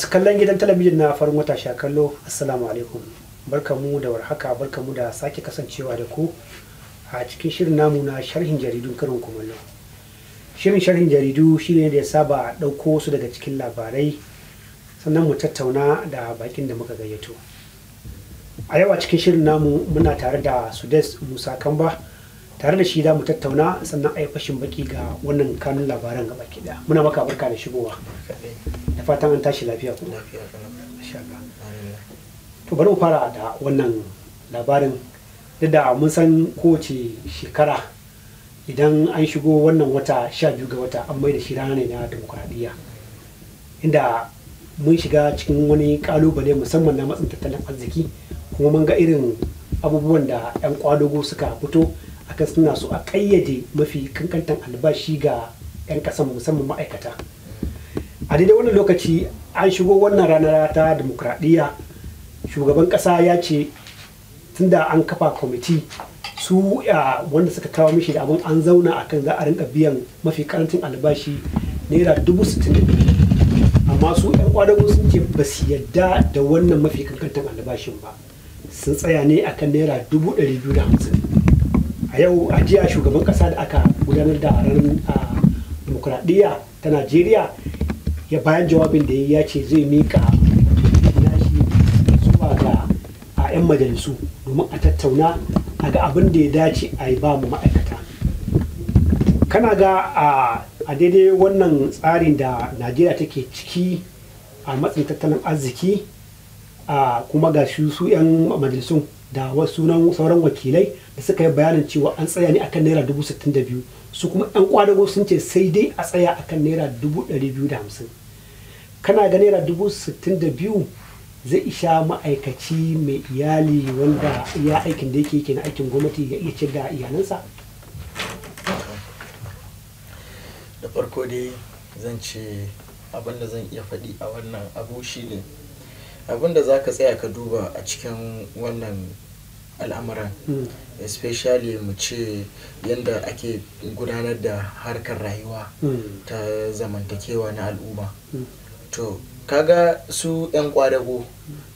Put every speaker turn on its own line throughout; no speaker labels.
masu kallon gidan talabijin na farin wata sha kallo assalamu alaikum barkamu da warhaka barkamu da sake kasancewa da ku a cikin shirin namu na sharhin jaridun karin kumallo shirin sharhin jaridu shine da ya saba ɗauko su daga cikin labarai sannan mu tattauna da bakin da muka gayyato a yau a cikin shirin namu muna tare da sudes musa kamba tare da shi za mu tattauna sannan a yi fashin baki ga wannan kanun labaran gaba kiɗa muna maka barka da shigowa fatan an tashi lafiya kuma to bari mu fara da wannan labarin duk da mun san kowace shekara idan an shigo wannan wata sha biyu ga wata an mai da shi rana ne na demokuraɗiyya inda mun shiga cikin wani kalubale musamman na matsin tattalin arziki kuma mun ga irin abubuwan da 'yan kwadogo suka fito akan suna so a kayyade mafi kankantan albashi ga 'yan ƙasan musamman ma'aikata a daidai wannan lokaci an shigo wannan ranar ta demokradiyya shugaban kasa ya ce tunda an kafa kwamiti su wanda suka kawo mishi da abin an zauna a kan za a biyan mafi karancin albashi naira dubu sittin da biyu amma su yan kwadago sun ce ba su yadda da wannan mafi kankantan albashin ba sun tsaya ne a kan naira dubu ɗari biyu da hamsin a yau a shugaban kasa da aka gudanar da ranar demokuraɗiyya ta najeriya ya bayan jawabin da ya ce zai mika nashi zuwa ga a 'yan majalisu domin a tattauna a ga abin da ya dace a yi ba mu ma'aikata kana ga a daidai wannan tsarin da najeriya take ciki a matsin tattalin arziki a kuma ga shi su 'yan majalisun da wasu nan sauran wakilai da suka yi bayanin cewa an tsaya ne akan naira dubu su kuma 'yan kwadago sun ce sai dai a tsaya akan naira dubu ɗari kana ga naira dubu sittin da biyu zai isha ma'aikaci mai iyali wanda ya aikin da yake yake na aikin gwamnati ya iya ci da iyalansa
da farko dai zan ce abin da zan iya faɗi a wannan abu ne abin da za ka tsaya ka duba a cikin wannan al'amuran hmm. especially mu ce yadda ake gudanar da harkar rayuwa hmm. ta zamantakewa na al'umma hmm. to kaga su 'yan kwadago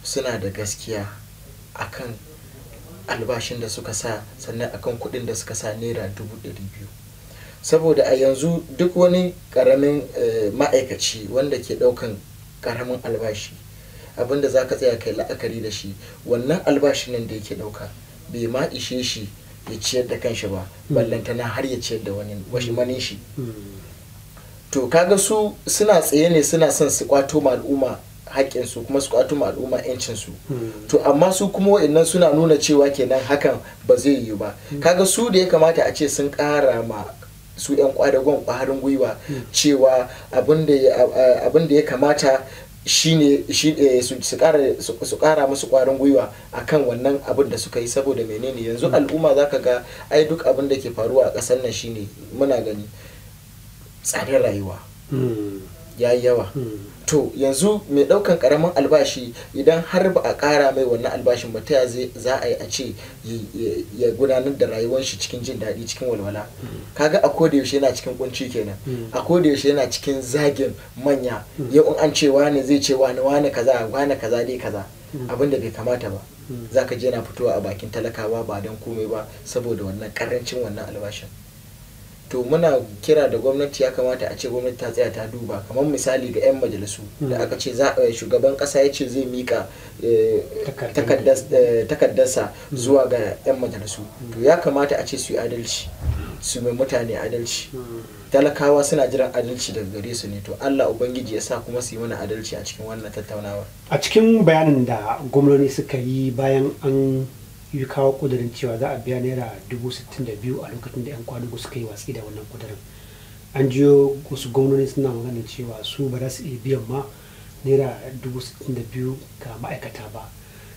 suna da gaskiya akan albashin da suka sa sannan akan kuɗin da suka sa naira dubu ɗari biyu saboda a yanzu duk wani ƙaramin eh, ma'aikaci wanda ke ɗaukan karamin albashi abinda za ka tsaya kai la'akari da shi wannan albashin nan da yake ɗauka bai ma ishe shi ya ciyar da kanshi ba hmm. ballantana har ya ciyar da wani shi hmm. to kaga su suna tsaye ne suna son su kwato ma al'umma haƙƙinsu kuma su kwato al'umma yancinsu hmm. to amma su kuma wa'annan suna nuna cewa kenan hakan ba zai yiwu ba hmm. kaga su da ya kamata a ce sun ƙara ma su 'yan kwadagon ƙwarin gwiwa hmm. cewa abin da ya kamata shine eh, su ƙara musu ƙwarin gwiwa akan wannan abin da suka yi saboda menene yanzu al'umma zaka ga ai duk abin da ke faruwa a ƙasar nan shine muna gani tsadar rayuwa hmm. ya yi yawa hmm. to yanzu mai daukan karamin albashi idan har ba a kara mai wannan albashin ba ta za a yi a ce ya gudanar da rayuwar shi cikin jin daɗi cikin walwala hmm. kaga a koda yaushe yana cikin kunci kenan a koda yaushe yana cikin zagin manya yau in an ce wani zai ce wani wani kaza wani kaza dai kaza abin da bai kamata ba zaka je na fitowa a bakin talakawa ba don komai ba saboda wannan karancin wannan albashin to muna kira da gwamnati ya kamata a ce gwamnati ta tsaya ta duba kamar misali ga 'yan majalisu hmm. da aka ce eh, shugaban kasa ya ce zai mika eh, takaddasa eh, hmm. zuwa ga 'yan majalisu hmm. to ya kamata a ce su yi adalci su mai mutane adalci talakawa suna jiran adalci daga gare su ne to Allah ubangiji ya sa kuma su yi mana adalci a cikin wannan tattaunawar
a cikin bayanin da gwamnati suka yi bayan an yi kawo kudurin cewa za a biya naira dubu da biyu a lokacin da 'yan kwadugo suka yi watsi da wannan kudurin an jiyo wasu gwamnoni suna magana cewa su ba za su iya biyan ma naira dubu da biyu ga ma'aikata ba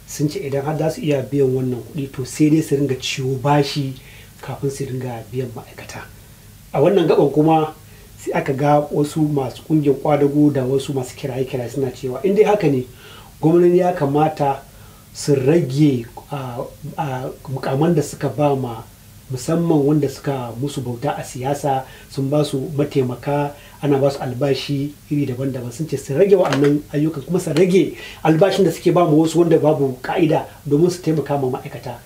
sun ce idan har za su iya biyan wannan kuɗi to sai dai su ringa ciwo bashi kafin su ringa biyan ma'aikata a wannan gaban kuma sai aka ga wasu masu kungiyar kwadago da wasu masu kiraye kiraye suna cewa in dai haka ne gwamnati ya kamata su rage a mukaman da suka ba ma musamman wanda suka musu bauta a siyasa sun ba su mataimaka ana ba su albashi iri daban-daban sun ce su rage wa'annan ayyukan kuma su rage albashin da suke ba mu wasu wanda babu ka'ida domin su taimaka ma ma'aikata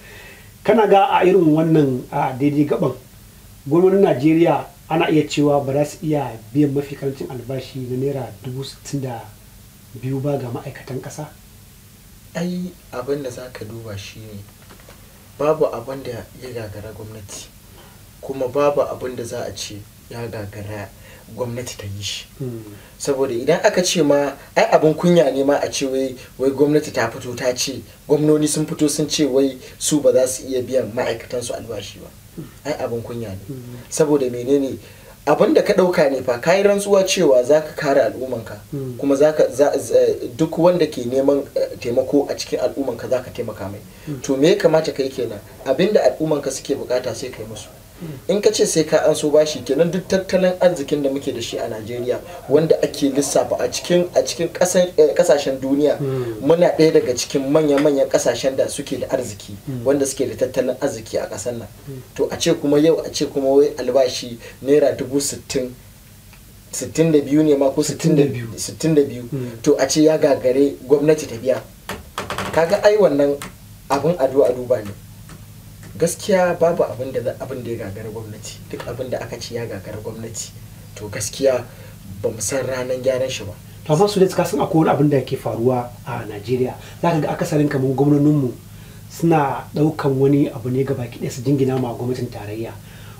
kana ga a irin wannan a daidai gaban gwamnatin najeriya ana iya cewa ba za su iya biyan mafi karancin albashi na naira dubu sittin da biyu ba ga ma'aikatan ƙasa
ai abin da za ka duba shi ne babu abin da ya gagara gwamnati kuma babu abin da za a ce ya gagara gwamnati ta yi shi hmm. saboda idan aka ce ma ai abin kunya ne ma a ce wai gwamnati ta fito ta ce gwamnoni sun fito sun ce wai su ba za su iya biyan ma'aikatansu albashi ba hmm. ai abin kunya ne hmm. saboda menene abin da ka ɗauka ne fa kayi rantsuwa cewa za ka kare hmm. ka kuma duk wanda ke neman eh, taimako a cikin al'ummanka za ka taimaka mai hmm. to me ya kamata kai kenan abin da al'ummanka suke bukata sai kai musu in ka ce sai ka an so bashi kenan duk tattalin arzikin da muke da shi a Najeriya wanda ake lissafa a cikin a cikin kasashen eh, duniya hmm. muna ɗaya daga cikin manya-manyan kasashen da suke da arziki hmm. wanda suke da tattalin arziki a ƙasar nan hmm. to a ce kuma yau a ce kuma wai albashi naira dubu sittin 62 ne ma ko 62 to a ce ya gagare gwamnati ta biya kaga ai wannan abin ado a duba ne gaskiya babu abin da abin da ya gagara gwamnati duk abin da aka ci ya gagara gwamnati to gaskiya ba mu san ranar gyaran shi ba
to amma su da suka san akwai abin da yake faruwa a Najeriya zaka ga akasarin kamar mu suna daukan wani abu ne ga baki ɗaya su jingina ma gwamnatin tarayya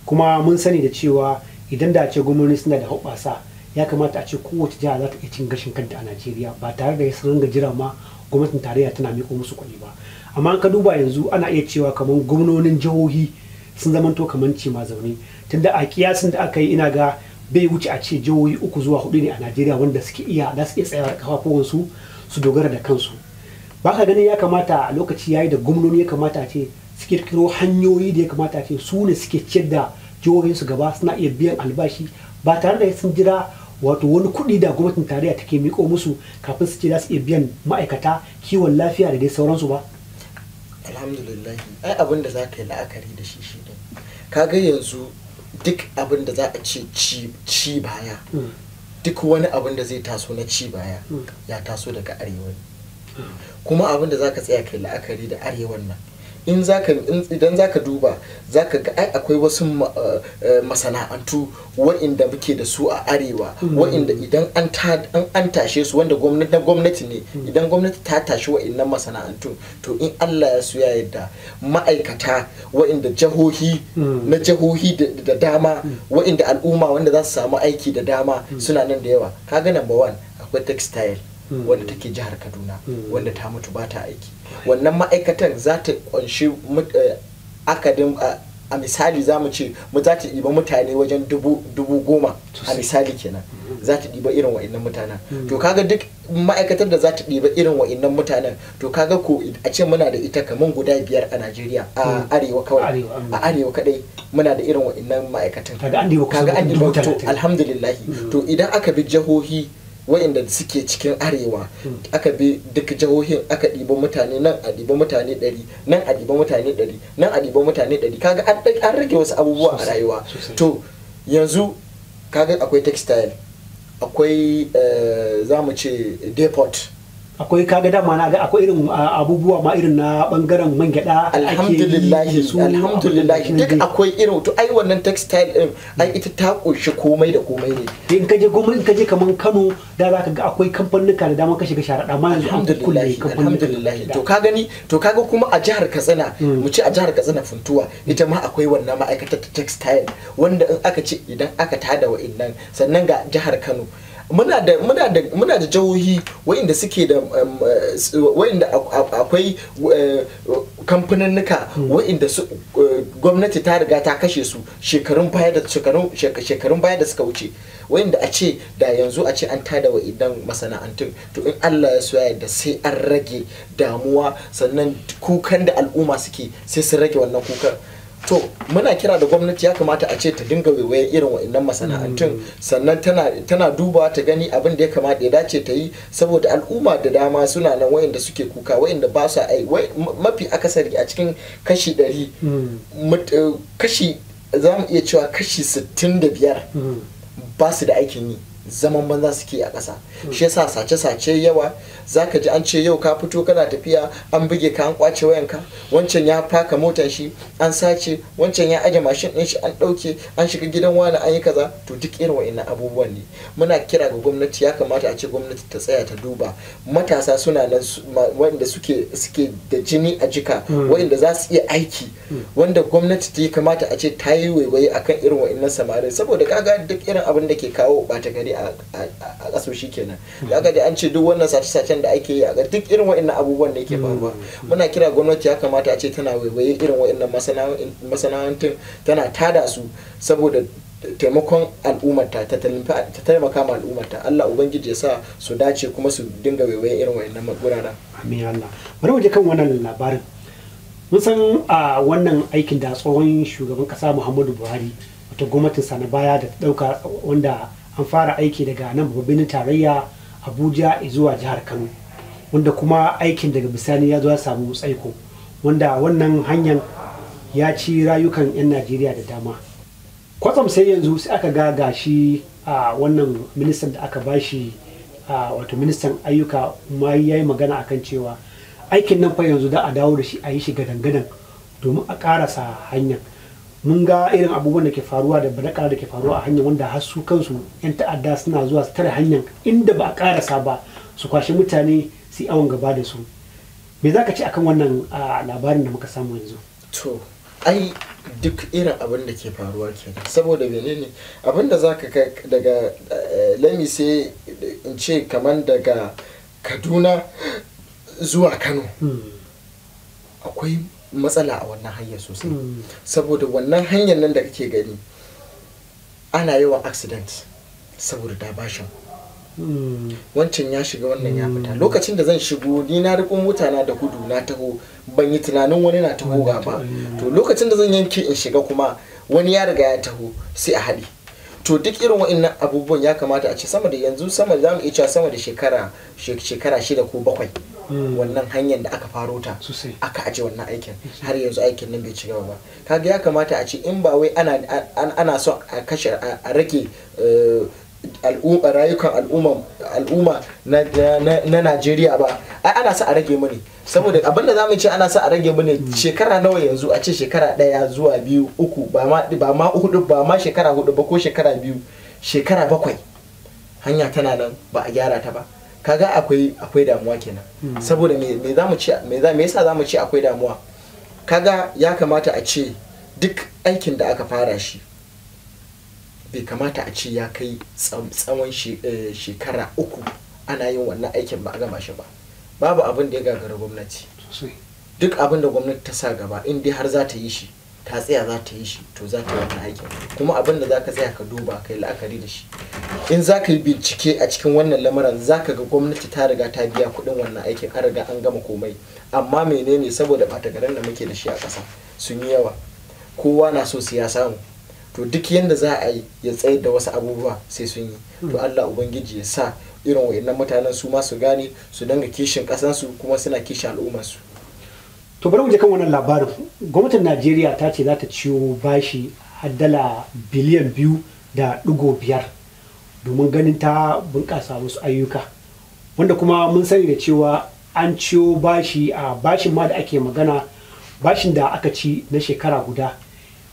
kuma mun sani da cewa idan da ce gwamnati suna da hoɓasa ya kamata a ce kowace jiha za ta iya cin gashin kanta a Najeriya ba tare da ya ringa jira ma gwamnatin tarayya tana miko musu kuɗi ba amma ka duba yanzu ana iya cewa kamar gwamnonin jihohi sun zamanto kamar ce ma zaune tunda a kiyasin da aka yi ina ga bai wuce a ce jihohi uku zuwa hudu ne a najeriya wanda suke iya za su iya da kafafuwansu su dogara da kansu ba ka ganin ya kamata a lokaci yayi da gwamnoni ya kamata a ce su kirkiro hanyoyi da ya kamata a ce su ne suke ciyar da su gaba suna iya biyan albashi ba tare da sun jira wato wani kuɗi da gwamnatin tarayya take miko musu kafin su ce za su iya biyan ma'aikata kiwon lafiya da dai sauransu ba
alhamdulillah ai abin da za ka yi la'akari da shi shi ne kaga yanzu duk abin da za a ce ci baya hmm. duk wani abin da zai taso na ci baya hmm. ya taso daga arewa hmm. kuma abin da za ka tsaya kai la'akari da arewan nan in zaka idan zaka duba ka ga akwai wasu eh, eh, masana'antu wa'inda muke da su a arewa hmm. wa'inda idan an tashe su wanda gwamnati ne hmm. idan gwamnati ta tashi wa'innan masana'antu to in Allah ya su ya yarda ma'aikata wa'inda jahohi hmm. na jahohi da dama wa'inda al'umma wanda za su samu aiki da dama suna nan da yawa kaga number one akwai textile wanda take jihar Kaduna wanda ta mutu ba ta aiki wannan ma'aikatan za ta kunshi eh, akadin a misali za mu ce mu za ta ɗiba mutane wajen dubu goma a misali kenan za ta ɗiba irin wa'innan mutanen hmm. to kaga duk ma'aikatar da za ta ɗiba irin wa'innan mutanen to kaga ko a ce muna da ita kamar guda biyar a najeriya a hmm. arewa kawai a arewa kadai muna da irin wa'innan ma'aikatan kaga an ɗiba to alhamdulillahi hmm. to idan aka bi jihohi wayanda suke cikin arewa aka bi duk jihohin aka ɗiba mutane nan a ɗiba mutane ɗari nan a ɗiba mutane ɗari nan a ɗiba mutane ɗari kaga an rage wasu abubuwa a rayuwa to yanzu kaga akwai textile akwai eh, za mu ce depot akwai kaga dama na ga akwai irin abubuwa ma irin na bangaren man gyada alhamdulillah alhamdulillah duk akwai irin to ai wannan textile din ai ita ta kunshi komai da komai ne in kaje goma in kaje kaman Kano da zaka ga akwai kamfanuka da dama ka shiga sharaɗa ma yanzu an kulle alhamdulillahi to ka gani to kaga kuma a jihar Katsina hmm. mu ci a jihar Katsina Funtuwa ita ma akwai wannan ma'aikatar textile wanda in aka ce idan aka tada wa'annan sannan ga jihar Kano muna da muna da muna da jihohi wayanda suke da um, uh, wayanda akwai uh, kamfaninnika wayanda uh, gwamnati ta riga ta kashe su shekarun baya da shekarun shekarun baya da suka wuce wayanda a ce da yanzu a ce an tada wa idan masana'antun to in Allah ya so da sai an rage damuwa sannan kukan da al'umma suke sai sun rage wannan kukan to muna kira da gwamnati ya kamata a ce ta dinga waiwaye irin wa'annan masana'antun mm. sannan tana dubawa ta gani abin da ya kamata ya dace ta yi saboda al'umma da dama suna nan wayanda suke kuka wayanda ba su ai mafi akasari a cikin kashi ɗari mm. eh, kashi za mu iya cewa kashi 65 mm. ba su da aikin yi zaman banza suke a ƙasa hmm. shi yasa sace-sace yawa za ka ji an ce yau ka fito kana tafiya an buge ka an kwace wayanka wancan ya faka motan shi an sace wancan ya aje mashin din shi an ɗauke an shiga gidan wani an yi kaza to duk irin wa'annan abubuwan ne muna kira ga gwamnati ya kamata a ce gwamnati ta tsaya ta duba matasa suna nan wanda suke suke da jini a jika hmm. wanda za su iya aiki hmm. wanda gwamnati ta yi kamata a ce ta yi waiwaye akan irin wa'annan samarin saboda kaga duk irin abin da ke kawo ɓata gari dai a kaso shi kenan da aka dai an ce duk wannan sace-sacen da ake yi a duk irin wa'annan abubuwan da yake hmm. faruwa muna kira gwamnati ya kamata a ce tana waiwaye irin wa'annan masana'antun tana tada su saboda taimakon al'ummata ta taimaka ma al'ummarta Allah ubangiji ya sa su dace kuma su dinga waiwaye irin wa'annan gurara.
amin Allah bari waje kan wannan labarin mun san a wannan aikin da tsohon shugaban kasa Muhammadu Buhari wato gwamnatin sa na baya da dauka wanda an fara aiki daga nan babban tarayya abuja zuwa jihar kano wanda kuma aikin daga bisani ya zo ya samu tsaiko wanda wannan hanyar ya ci rayukan 'yan najeriya da dama kwatsam sai yanzu sai aka ga gashi a wannan ministan da aka bashi a wato ministan ayyuka ma ya yi magana akan cewa aikin nan fa yanzu da a dawo da shi a yi shi gadan-gadan domin a karasa hanyar mun ga irin abubuwan da ke faruwa da badakara da ke faruwa a hanyar wanda har kansu yan ta'adda suna zuwa su tare hanyar inda ba a karasa ba su kwashe mutane su awon gaba da su me za ka ci
akan wannan labarin da muka samu yanzu to ai duk irin abin da ke faruwa ke saboda bene menene abin da za ka daga eh, lami sai in ce kamar daga kaduna zuwa kano hmm. akwai matsala a wannan hanyar sosai hmm. saboda wannan hanyar nan da kake gani ana yawan accident saboda dabashin hmm. wancan ya shiga wannan ya fita hmm. lokacin da zan shigo ni na riko mota da gudu na taho ban yi tunanin wani na taho ga ba eh. to lokacin da zan yanke in shiga kuma wani ya riga ya taho sai a haɗe to duk irin wa'annan abubuwan ya kamata a ce sama da yanzu sama za mu iya sama da shekara shekara shida ko bakwai wannan hanyar da aka faro ta aka aje wannan aikin har yanzu aikin nan bai ci gaba ba kaga ya kamata a ce in ba wai ana son a kashe a rage eh, rayukan al'umma na Najeriya ba ai ana sa a rage mu ne saboda abinda zamu ce ana sa a rage mu ne hmm. shekara nawa yanzu a ce shekara daya zuwa biyu uku ba ma ba ma hudu ba ma shekara hudu ba ko shekara biyu shekara bakwai hanya tana nan ba a gyara ta ba kaga akwai akwai damuwa kenan hmm. saboda me za mu ci me za me yasa za mu ce akwai damuwa kaga ya kamata a ce duk aikin da aka fara shi bai kamata a ce ya kai tsawon eh, shekara uku ana yin wannan aikin ba a gama shi ba babu abin da ya gagara gwamnati duk abin da gwamnati ta sa gaba in dai har za ta yi shi ta tsaya za ta yi shi to za ta yi wannan aikin kuma abin da za ka tsaya ka duba kai yi la'akari da shi in za ka yi bincike a cikin wannan lamarin za ka ga gwamnati ta riga ta biya kuɗin wannan aikin an riga an gama komai amma menene saboda ɓata garin da muke da shi a ƙasa sun yi yawa kowa na so su ya samu to duk yadda za a yi ya tsayar da wasu abubuwa sai sun yi to allah ubangiji ya sa irin wa'innan mutanen su ma su gane su danga kishin ƙasansu kuma suna kishin al'ummarsu
to bari mu je kan wannan labarin gwamnatin najeriya ta ce za ta ciwo bashi dala biliyan biyu da ɗigo biyar domin ganin ta bunƙasa wasu ayyuka wanda kuma mun sani da cewa an ciwo bashi a bashin ma da ake magana bashin da aka ci na shekara guda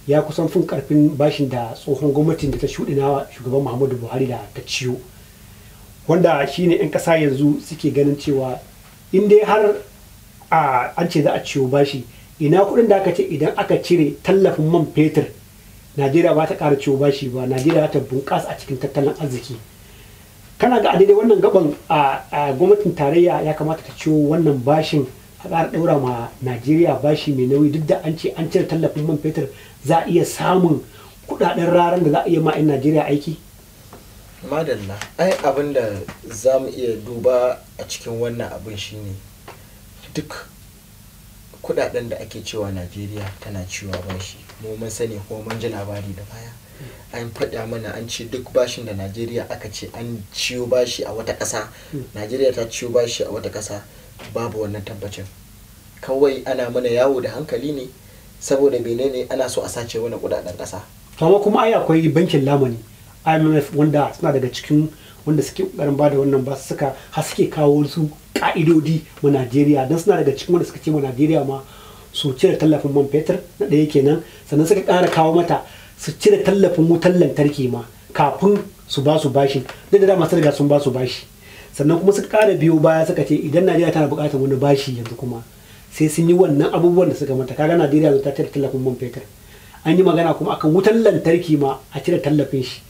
ya kusan fin karfin bashin da tsohon gwamnatin da ta shuɗi na shugaban muhammadu buhari da ta ciwo wanda shine 'yan ƙasa yanzu suke ganin cewa in dai har a an ce za a ciwo bashi ina kuɗin da aka ce idan aka cire tallafin man fetur najeriya ba ta ƙara ciwo bashi ba najeriya ta bunƙasa a cikin tattalin arziki kana ga daidai wannan gaban a gwamnatin tarayya ya kamata ta ciwo wannan bashin a ƙara ɗaura ma najeriya bashi mai nauyi duk da an ce an cire tallafin man fetur za a iya samun kuɗaɗen raran da za a iya ma 'yan najeriya aiki
madalla ai abin da za mu iya duba a cikin wannan abin shi ne. duk kudaden da ake cewa najeriya tana ciwa bashi mu mun sani kuma mun ji labari da baya an faɗa mana an ce duk bashin da najeriya aka ce an ciyo bashi a wata ƙasa najeriya ta ciyo bashi a wata kasa babu wannan tabbacin kawai ana mana yawo da hankali ne saboda ne ana so a sace wani kudaden ƙasa
kama kuma ai akwai bankin lamani imf wanda suna daga cikin wanda suke ƙoƙarin ba da wannan ba suka har suke kawo su ka'idodi ma najeriya don suna daga cikin wanda suka ce ma najeriya ma su cire tallafin man fetur na ɗaya kenan sannan suka ƙara kawo mata su cire tallafin wutar lantarki ma kafin su ba su bashi duk da dama sun riga sun ba su bashi sannan kuma suka ƙara biyo baya suka ce idan najeriya tana buƙatar wani bashi yanzu kuma sai sun yi wannan abubuwan da suka mata kaga najeriya zai ta cire tallafin man fetur an yi magana kuma akan wutar lantarki ma a cire tallafin shi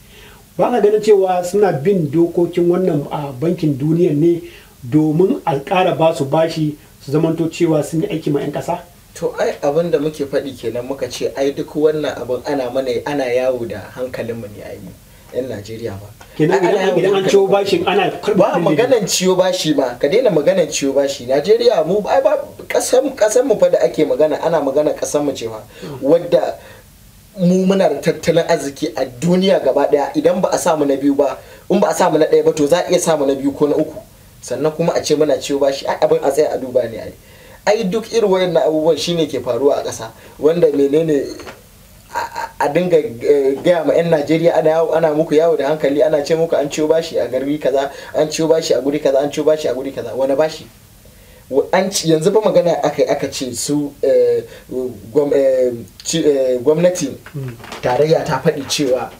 ba ka ganin cewa suna bin dokokin wannan a bankin duniya ne domin a ba su bashi su zamanto cewa sun yi aiki ma 'yan ƙasa?
to ai abin da muke faɗi kenan muka ce ai duk wannan abin ana mana ana yawo da hankalinmu ne ai yi yan Najeriya ba kenan idan an ciwo bashi ana ba maganan ciwo bashi ba ka daina maganan ciwo bashi Najeriya mu ai ba kasan kasan mu fa da ake magana ana magana kasan mu cewa wadda mu muna da tattalin arziki a duniya gaba daya idan ba a samu na biyu ba in ba a samu na ɗaya ba to za a iya samu na biyu ko na uku sannan kuma a ce muna ciwo bashi shi abin a tsaye a duba ne ai ai duk irin na abubuwan shine ke faruwa a ƙasa wanda menene a dinga eh, gaya ma 'yan najeriya ana yawo ana muku yawo da hankali ana ce muku an ciwo bashi a garbi kaza an ciwo bashi a guri kaza an ciwo bashi a guri kaza wani bashi yanzu ba magana aka aka ce su eh, eh, gwamnati hmm. tarayya ta faɗi cewa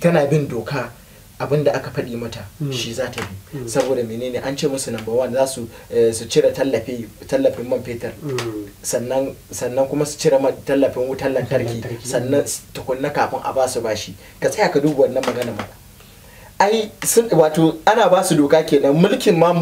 tana bin doka abin da aka faɗi mata hmm. shi za ta yi hmm. saboda menene an ce musu number one za su eh, cire tallafin man fetur hmm. sannan kuma su cire tallafin wutar lantarki sannan tukunna kafin a ba su bashi ka tsaya ka duba wannan magana ma ai sun wato ana ba su doka kenan mulkin ma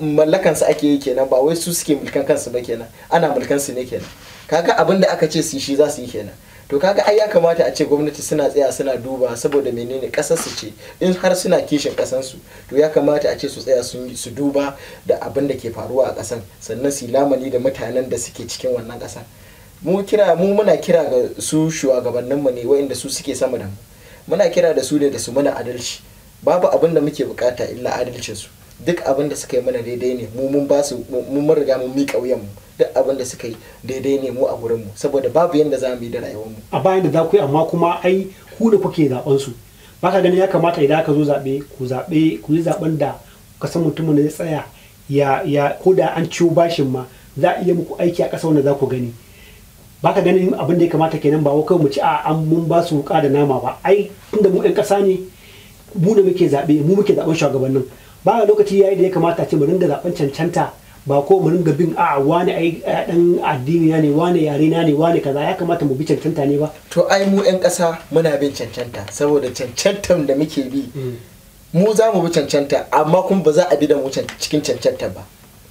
mallakansu ake yi kenan ba wai su suke mulkan kansu ba kenan ana mulkansu ne kenan kaga abin da aka ce su shi za su yi kenan to kaga ai ya kamata a ce gwamnati suna tsaya suna duba saboda menene kasar su ce in har suna kishin kasar su to ya kamata a ce su tsaya su duba da abin da ke faruwa a kasan sannan su lamani da mutanen da suke cikin wannan kasan mu kira mu muna kira ga su shugabannin mu ne waɗanda su suke sama da mu muna kira da su ne da su muna adalci babu abin da muke bukata illa adalcin su duk abin da suka yi mana daidai ne mu mun ba su mun riga mun miƙa wuyan mu duk abin da suka yi daidai ne mu a gurin mu saboda babu yanda za mu yi da rayuwar mu
a bayan da za ku yi amma kuma ai ku da kuke zaben su baka ganin ya kamata idan aka zo zabe ku zabe ku yi zaben da ka san mutumin da ya tsaya ya ya ko da an ciwo bashin ma za a iya muku aiki a ƙasa wanda za ku gani baka ganin abin da ya kamata kenan ba kawai mu ci a an mun ba su wuka da nama ba ai tunda mu 'yan ƙasa ne mu da muke zaɓe mu muke zaɓen shugabannin ba lokaci yayi da ya kamata ce mu dinga zaɓen cancanta ba ko mu ringa bin a wani ai dan addini ne wani yare ne wani kaza ya kamata mu bi
cancanta ne ba to ai mu yan ƙasa muna bin cancanta saboda cancantan da muke bi hmm. mu za mu bi cancanta amma kuma ba za a bi da mu cikin cancanta ba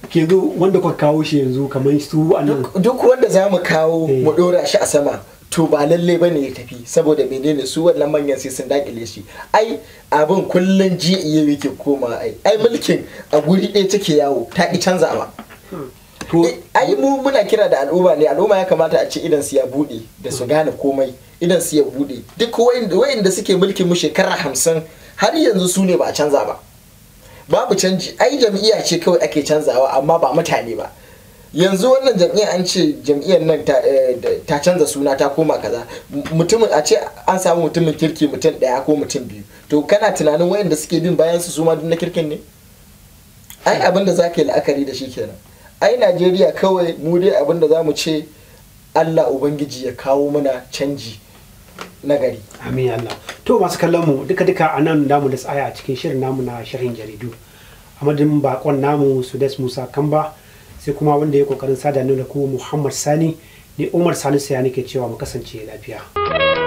ke wanda kwa kawo shi yanzu kamar su duk wanda za mu kawo mu dora eh. shi a sama to ba lalle ba ne ya tafi saboda menene su wannan manyan sai sun dakile shi ai abin kullun ji iya e yake koma ai ai mulkin a guri ɗaya take yawo ta ki canza ba. Eh, ai mu muna kira da al'umma ne al'umma ya kamata a ce idan su ya bude da su gane komai idan su ya bude duk wayanda suke mulkin mu shekara hamsin har yanzu su ne ba a canza ba babu canji ai jam'iyya ce kawai ake canzawa amma ba mutane ba yanzu wannan jam'iyyar an ce jam'iyyar nan eh, ta canza suna ta koma kaza mutumin a ce an samu mutumin kirki mutum daya ko mutum biyu to kana tunanin wayanda suke bin bayan su suma duk na kirkin ne ai abin da zaka yi la'akari da shi kenan ai Najeriya kawai mu dai abin da zamu ce Allah ubangiji ya kawo mana canji na gari amin Allah to masu kallon mu duka duka a nan namu
da tsaya a cikin shirin namu na shirin jaridu a bakon namu des Musa Kamba sai kuma wanda ya kokarin sada nuna ku Muhammad Sani ne Umar Sani sai nake cewa mu kasance lafiya.